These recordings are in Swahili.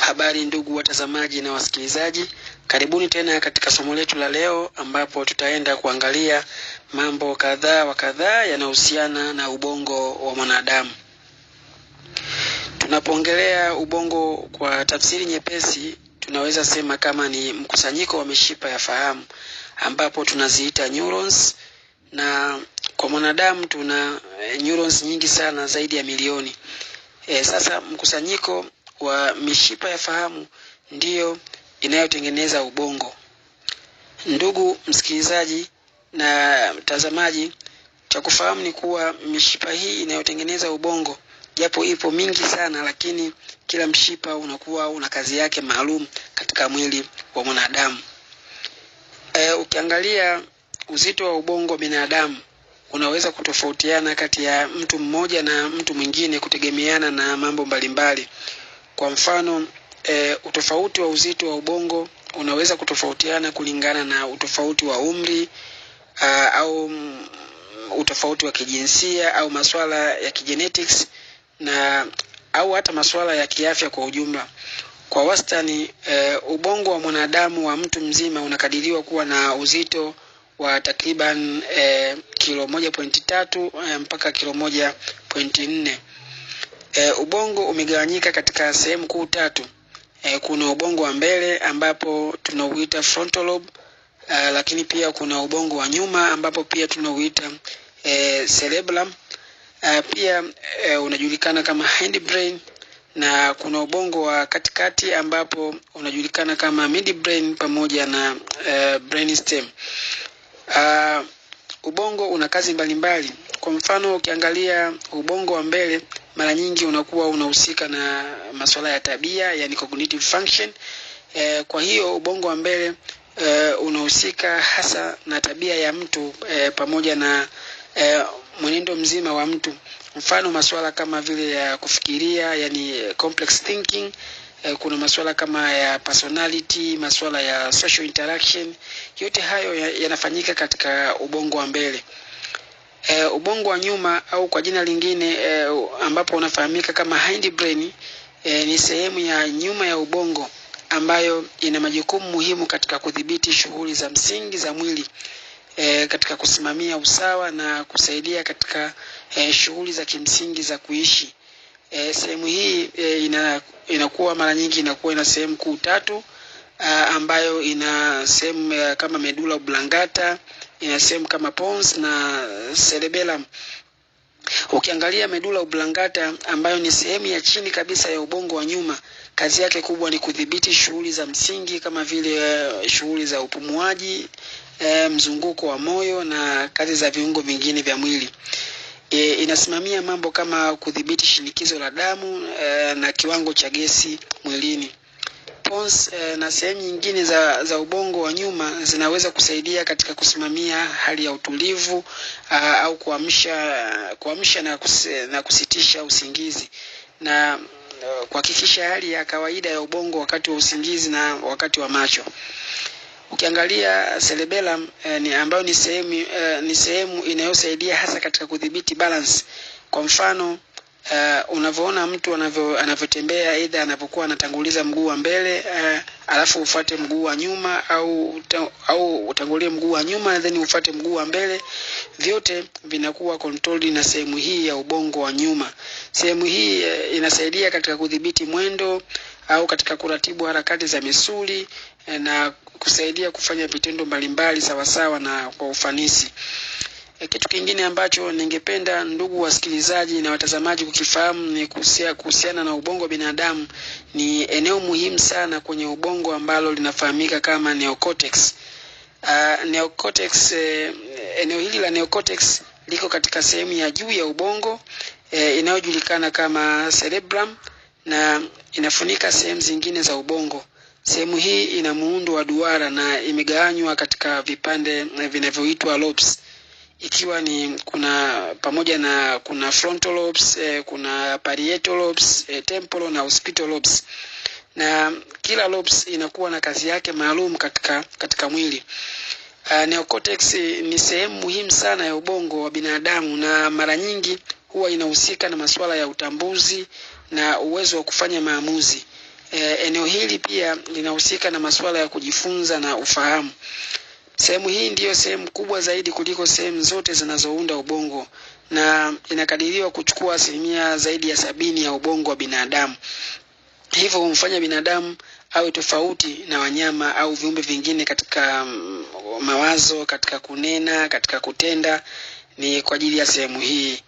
Habari ndugu watazamaji na wasikilizaji, karibuni tena katika somo letu la leo, ambapo tutaenda kuangalia mambo kadhaa wa kadhaa yanayohusiana na ubongo wa mwanadamu. Tunapoongelea ubongo kwa tafsiri nyepesi, tunaweza sema kama ni mkusanyiko wa mishipa ya fahamu, ambapo tunaziita neurons na kwa mwanadamu tuna eh, neurons nyingi sana zaidi ya milioni. E, sasa mkusanyiko wa mishipa ya fahamu ndiyo inayotengeneza ubongo. Ndugu msikilizaji na mtazamaji, cha kufahamu ni kuwa mishipa hii inayotengeneza ubongo japo ipo mingi sana, lakini kila mshipa unakuwa una kazi yake maalum katika mwili wa mwanadamu. E, ukiangalia Uzito wa ubongo wa binadamu unaweza kutofautiana kati ya mtu mmoja na mtu mwingine kutegemeana na mambo mbalimbali. Kwa mfano, e, utofauti wa uzito wa ubongo unaweza kutofautiana kulingana na utofauti wa umri a, au utofauti wa kijinsia au masuala ya kigenetics na au hata masuala ya kiafya kwa ujumla. Kwa wastani, e, ubongo wa mwanadamu wa mtu mzima unakadiriwa kuwa na uzito wa takriban e, kilo moja pointi tatu e, mpaka kilo moja pointi nne. E, ubongo umegawanyika katika sehemu kuu tatu. E, kuna ubongo wa mbele ambapo tunauita frontal lobe, e, lakini pia kuna ubongo wa nyuma ambapo pia tunauita e, cerebellum. E, pia e, unajulikana kama brain na kuna ubongo wa katikati ambapo unajulikana kama midbrain pamoja na e, brainstem. Uh, ubongo una kazi mbalimbali Kwa mfano ukiangalia ubongo wa mbele mara nyingi unakuwa unahusika na masuala ya tabia, yani cognitive function. Uh, kwa hiyo ubongo wa mbele uh, unahusika hasa na tabia ya mtu uh, pamoja na uh, mwenendo mzima wa mtu, mfano masuala kama vile ya kufikiria, yani uh, complex thinking Eh, kuna masuala kama ya personality, masuala ya social interaction, yote hayo yanafanyika ya katika ubongo wa mbele. E, ubongo wa nyuma au kwa jina lingine e, ambapo unafahamika kama brain e, ni sehemu ya nyuma ya ubongo ambayo ina majukumu muhimu katika kudhibiti shughuli za msingi za mwili e, katika kusimamia usawa na kusaidia katika e, shughuli za kimsingi za kuishi. E, sehemu hii e, ina inakuwa mara nyingi inakuwa ina sehemu kuu tatu a, ah, ambayo ina sehemu eh, kama medula oblongata, ina sehemu kama pons na cerebellum. Ukiangalia medula oblongata ambayo ni sehemu ya chini kabisa ya ubongo wa nyuma, kazi yake kubwa ni kudhibiti shughuli za msingi kama vile shughuli za upumuaji, mzunguko wa moyo na kazi za viungo vingine vya mwili e, inasimamia mambo kama kudhibiti shinikizo la damu e, na kiwango cha gesi mwilini. Pons e, na sehemu nyingine za, za ubongo wa nyuma zinaweza kusaidia katika kusimamia hali ya utulivu a, au kuamsha kuamsha na, kus, na kusitisha usingizi na e, kuhakikisha hali ya kawaida ya ubongo wakati wa usingizi na wakati wa macho. Ukiangalia cerebellum eh, ni ambayo ni sehemu eh, ni sehemu inayosaidia hasa katika kudhibiti balance. Kwa mfano uh, unavyoona mtu anavyo anavyotembea aidha anapokuwa anatanguliza mguu wa mbele uh, alafu ufuate mguu wa nyuma au au utangulie mguu wa nyuma then ufuate mguu wa mbele, vyote vinakuwa controlled na sehemu hii ya ubongo wa nyuma. Sehemu hii uh, inasaidia katika kudhibiti mwendo au katika kuratibu harakati za misuli Eh, na kusaidia kufanya vitendo mbalimbali sawasawa na kwa ufanisi. Eh, kitu kingine ambacho ningependa ndugu wasikilizaji na watazamaji kukifahamu ni kuhusiana na ubongo wa binadamu. Ni eneo muhimu sana kwenye ubongo ambalo linafahamika kama neocortex. Uh, neocortex, eh, eneo hili la neocortex liko katika sehemu ya juu ya ubongo eh, inayojulikana kama cerebrum na inafunika sehemu zingine za ubongo. Sehemu hii ina muundo wa duara na imegawanywa katika vipande vinavyoitwa lobes, ikiwa ni kuna pamoja na kuna frontal lobes, eh, kuna parietal lobes, eh, temporal na occipital lobes na kila lobes inakuwa na kazi yake maalum katika, katika mwili. Uh, neocortex ni sehemu muhimu sana ya ubongo wa binadamu na mara nyingi huwa inahusika na masuala ya utambuzi na uwezo wa kufanya maamuzi. E, eneo hili pia linahusika na masuala ya kujifunza na ufahamu. Sehemu hii ndiyo sehemu kubwa zaidi kuliko sehemu zote zinazounda ubongo na inakadiriwa kuchukua asilimia zaidi ya sabini ya ubongo wa binadamu, hivyo humfanya binadamu awe tofauti na wanyama au viumbe vingine katika mm, mawazo, katika kunena, katika kutenda. Ni kwa ajili ya sehemu hii.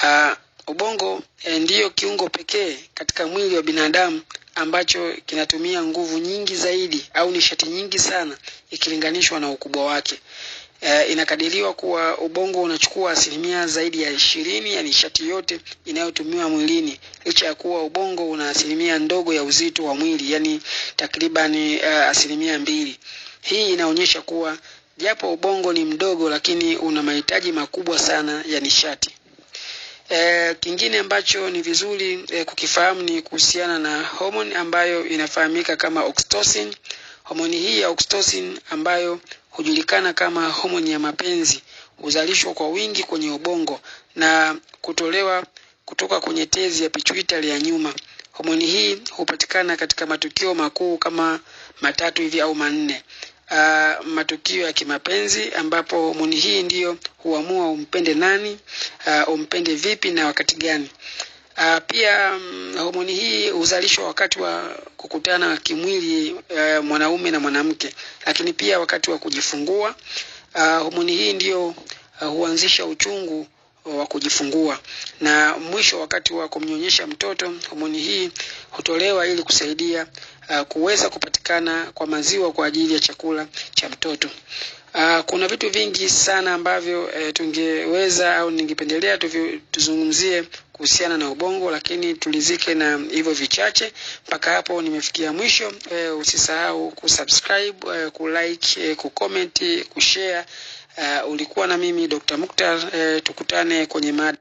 Aa, Ubongo e, ndiyo kiungo pekee katika mwili wa binadamu ambacho kinatumia nguvu nyingi zaidi au nishati nyingi sana ikilinganishwa na ukubwa wake. E, inakadiriwa kuwa ubongo unachukua asilimia zaidi ya ishirini ya nishati yote inayotumiwa mwilini, licha ya kuwa ubongo una asilimia ndogo ya uzito wa mwili, yani takriban uh, asilimia mbili. Hii inaonyesha kuwa japo ubongo ni mdogo, lakini una mahitaji makubwa sana ya nishati. E, kingine ambacho ni vizuri e, kukifahamu ni kuhusiana na homoni ambayo inafahamika kama oxytocin. Homoni hii ya oxytocin ambayo hujulikana kama homoni ya mapenzi huzalishwa kwa wingi kwenye ubongo na kutolewa kutoka kwenye tezi ya pituitary ya nyuma. Homoni hii hupatikana katika matukio makuu kama matatu hivi au manne uh, matukio ya kimapenzi ambapo homoni hii ndiyo huamua umpende nani, uh, umpende vipi na wakati gani. Uh, pia um, homoni hii huzalishwa wakati wa kukutana kimwili uh, mwanaume na mwanamke, lakini pia wakati wa kujifungua. Uh, homoni hii ndiyo uh, huanzisha uchungu wa kujifungua na mwisho, wakati wa kumnyonyesha mtoto, homoni hii hutolewa ili kusaidia uh, kuweza kupatikana kwa maziwa kwa ajili ya chakula cha mtoto. Uh, kuna vitu vingi sana ambavyo uh, tungeweza au ningependelea tuzungumzie kuhusiana na ubongo, lakini tulizike na hivyo vichache. Mpaka hapo nimefikia mwisho. Uh, usisahau kusubscribe, uh, kulike, uh, kucomment, kushare. Uh, ulikuwa na mimi Dr. Mukhtar. Uh, tukutane kwenye mada